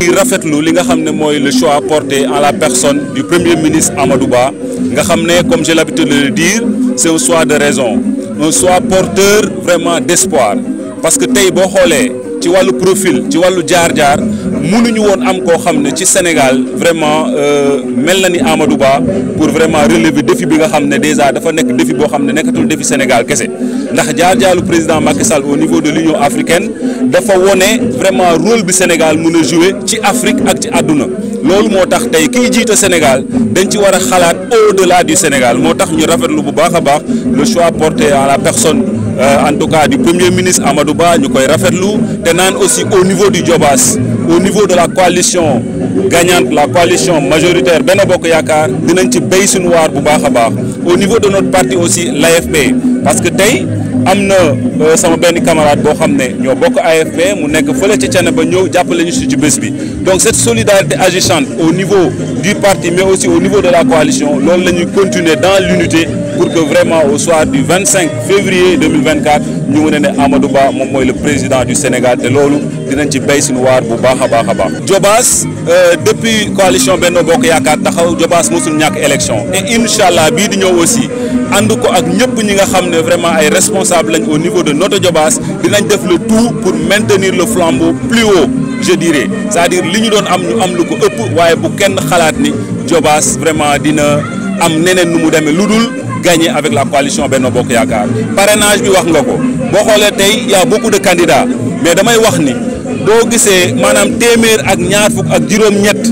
Il rafetlu le choix apporté à la personne du premier ministre Amadouba. comme j'ai l'habitude de le dire c'est un choix de raison un choix porteur vraiment d'espoir parce que tey bon, tu vois le profil tu vois le diar, nous nous am Sénégal vraiment euh, pour vraiment relever défi déjà défi défi Sénégal ndax jaar le président Macky Sall au niveau de l'Union africaine dafa wone vraiment rôle bi Sénégal mën jouer ci Afrique ak ci àdduna loolu moo tax tey kiy au Sénégal dañ ci war a xalaat au-delà du Sénégal moo tax ñu rafetlu bu le choix porté à la personne euh, en tout cas du premier ministre Amadou Ba ñu rafetlu aussi au niveau du Jobas, au niveau de la coalition gagnante la coalition majoritaire Benobok Yakar, au niveau de notre parti aussi l'AFP parce que Tay, avons euh, sama ben camarade bo xamné ñoo AFP mu nekk ci ba ñu ci donc cette solidarité agissante au niveau du parti mais aussi au niveau de la coalition nous lañuy continuer dans l'unité pour que vraiment au soir du 25 février 2024 ñu mën né Amadou Ba mom moy le président du Sénégal té lolu dinañ ci bay suñu waar bu baax baax Jobas euh, depuis coalition Benno Bokk Yaakaar taxaw Jobas, musul ñak élection et inshallah, bi di ñëw aussi ànd ko ak ñëpp ñi nga xam vraiment ay responsable lañ au niveau de noto Jobas, dinañ def le tout pour maintenir le flambeau plus haut je dirais c'est-à-dire li ñu doon am ñu am lu ko ëpp waaye bu kenn xalaat ni jobas vraiment dina am neneen nu mu demee ludul gagner avec la coalition Benno Bokk Yakar. parrainage bi wax nga ko y a beaucoup de candidats mais damay wax ni c'est Madame maanaam téeméer ak ñaar fukk ak juróom-ñett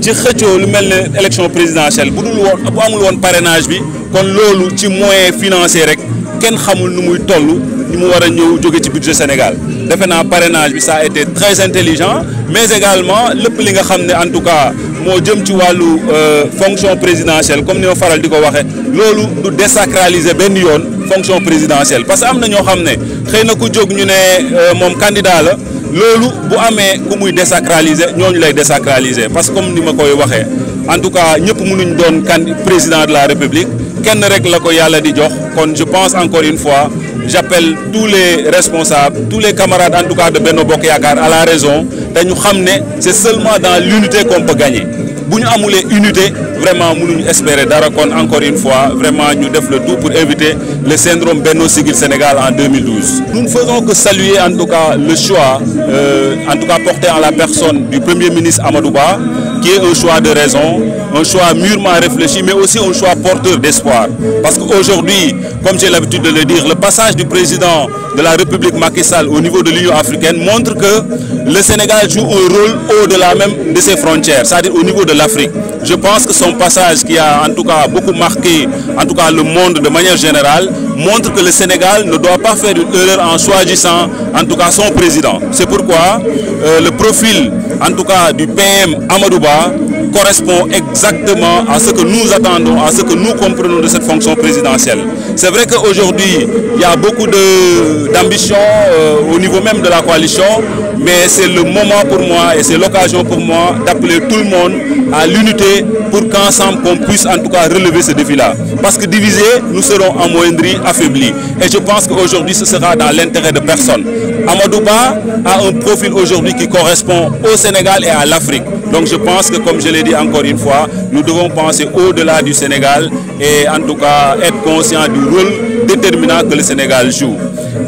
ci lu présidentielle bu nous un parrainage bi kon eu ci moyen financier rek kenn xamul nu muy toll ñu budget Sénégal Le parrainage ça a été très intelligent mais également le plus nga en tout cas moo ci euh, fonction présidentielle comme nous avons faral du désacraliser la fonction présidentielle parce que nous na que nous nous avons ku euh, candidat la bu parce que comme en tout cas nous mënuñ président de la république je pense encore une fois j'appelle tous les responsables, tous les camarades en tout cas de Benno à la raison. C'est seulement dans l'unité qu'on peut gagner. Si nous avons l'unité, vraiment, nous espérons encore une fois, vraiment, nous devons le tout pour éviter le syndrome Benno Sigil Sénégal en 2012. Nous ne faisons que saluer en tout cas le choix, euh, en tout cas porté en la personne du Premier ministre Amadouba, qui est un choix de raison, un choix mûrement réfléchi, mais aussi un choix porteur d'espoir. Parce qu'aujourd'hui, comme j'ai l'habitude de le dire, le passage du président de la République Macky Sall au niveau de l'Union africaine montre que le Sénégal joue un rôle au-delà même de ses frontières, c'est-à-dire au niveau de l'Afrique. Je pense que son passage qui a en tout cas beaucoup marqué en tout cas le monde de manière générale montre que le Sénégal ne doit pas faire une erreur en choisissant en tout cas son président. C'est pourquoi euh, le profil en tout cas du PM Amadou Ba correspond exactement à ce que nous attendons, à ce que nous comprenons de cette fonction présidentielle. C'est vrai qu'aujourd'hui, il y a beaucoup d'ambition euh, au niveau même de la coalition, mais c'est le moment pour moi et c'est l'occasion pour moi d'appeler tout le monde à l'unité pour qu'ensemble on puisse en tout cas relever ce défi-là. Parce que divisés, nous serons en amoindris, affaiblis. Et je pense qu'aujourd'hui, ce sera dans l'intérêt de personne. Amadouba a un profil aujourd'hui qui correspond au Sénégal et à l'Afrique. Donc je pense que, comme je l'ai encore une fois, nous devons penser au-delà du Sénégal et en tout cas être conscient du rôle déterminant que le Sénégal joue.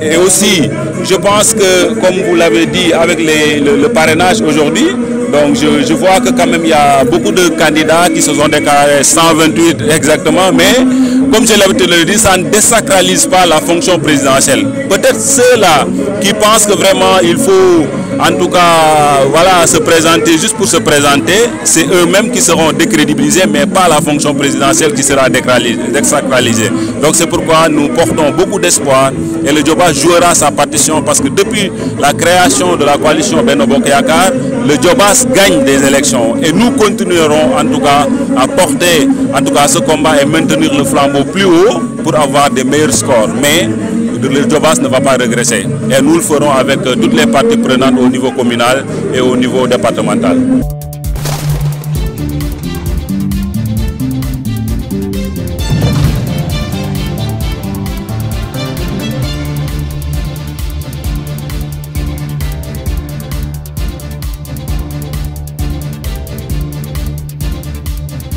Et aussi, je pense que, comme vous l'avez dit, avec le, parrainage aujourd'hui, donc je, vois que quand même il y a beaucoup de candidats qui se sont déclarés 128 exactement, mais comme je l'avais dit ça ne désacralise pas la fonction présidentielle. Peut-être ceux-là qui pensent que vraiment il faut en tout cas, voilà, se présenter juste pour se présenter, c'est eux-mêmes qui seront décrédibilisés, mais pas la fonction présidentielle qui sera désacralisée. Donc c'est pourquoi nous portons beaucoup d'espoir et le Djobas jouera sa partition parce que depuis la création de la coalition Benobo-Kayakar, le Djobas gagne des élections et nous continuerons en tout cas à porter en tout cas ce combat et maintenir le flambeau plus haut pour avoir des meilleurs scores. Mais le Jobas ne va pas régresser Et nous le ferons avec euh, toutes les parties prenantes au niveau communal et au niveau départemental.